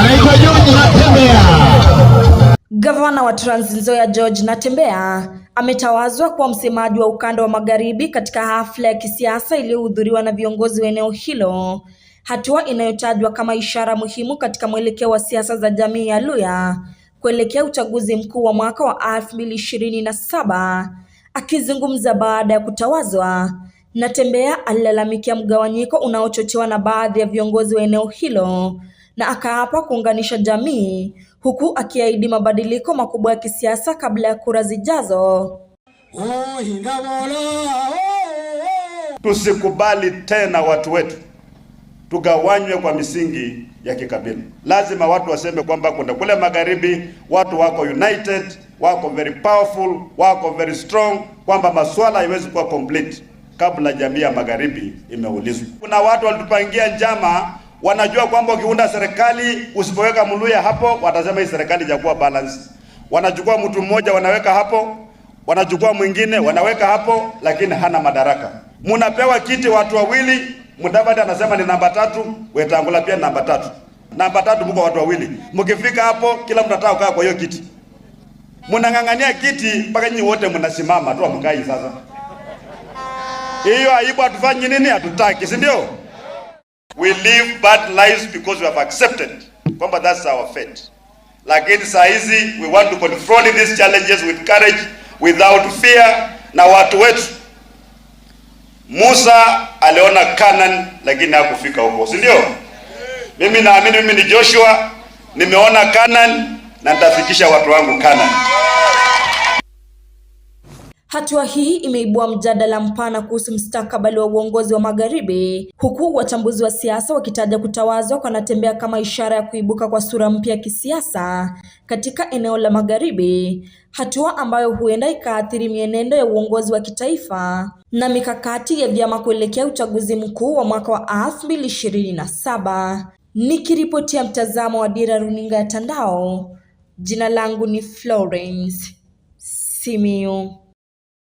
anaitwa George Natembeya. Gavana wa Trans Nzoia George Natembeya ametawazwa kuwa msemaji wa ukanda wa magharibi katika hafla ya kisiasa iliyohudhuriwa na viongozi wa eneo hilo, hatua inayotajwa kama ishara muhimu katika mwelekeo wa siasa za jamii ya Luhya kuelekea uchaguzi mkuu wa mwaka wa 2027. ishirini na saba. Akizungumza baada ya kutawazwa, Natembeya alilalamikia mgawanyiko unaochochewa na baadhi ya viongozi wa eneo hilo na akaapa kuunganisha jamii huku akiahidi mabadiliko makubwa ya kisiasa kabla ya kura zijazo. Oh, oh, oh. Tusikubali tena watu wetu tugawanywe kwa misingi ya kikabila. Lazima watu waseme kwamba kwenda kule magharibi watu wako united, wako very powerful, wako very strong, kwamba masuala haiwezi kuwa complete kabla jamii ya magharibi imeulizwa. Kuna watu walitupangia njama Wanajua kwamba ukiunda serikali usipoweka Muluya hapo, watasema hii serikali jakuwa balance. Wanachukua mtu mmoja wanaweka hapo, wanachukua mwingine wanaweka hapo, lakini hana madaraka. Munapewa kiti watu wawili, Mudavadi anasema ni namba tatu, Wetangula pia namba tatu, namba tatu, mko watu wawili. Mkifika hapo, kila mtu ataka kukaa kwa hiyo kiti, mnang'ang'ania kiti mpaka nyinyi wote mnasimama tu, amkai Sasa hiyo aibu, hatufanyi nini? Hatutaki, si ndio? We live bad lives because we have accepted kwamba that's our fate, lakini saa hizi we want to confront these challenges with courage, without fear. Na watu wetu, Musa aliona Canaan lakini hakufika huko, si ndio? Mimi naamini mimi ni Joshua, nimeona Canaan na nitafikisha watu wangu Canaan. Hatua hii imeibua mjadala mpana kuhusu mstakabali wa uongozi wa Magharibi, huku wachambuzi wa siasa wakitaja kutawazwa kwa Natembeya kama ishara ya kuibuka kwa sura mpya ya kisiasa katika eneo la Magharibi, hatua ambayo huenda ikaathiri mienendo ya uongozi wa kitaifa na mikakati ya vyama kuelekea uchaguzi mkuu wa mwaka wa 2027. mbili ishirini na saba. Nikiripotia mtazamo wa Dira Runinga ya Tandao, jina langu ni Florence Simiyu.